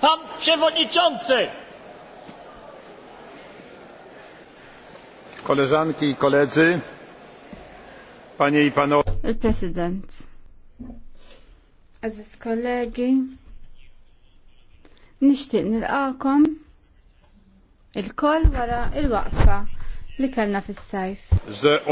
Pan Przewodniczący! Koleżanki i koledzy, Panie i Panowie. Prezydent. Aziz kollegi, nixtieq nilqakom il-koll wara il-waqfa li kellna fis-sajf.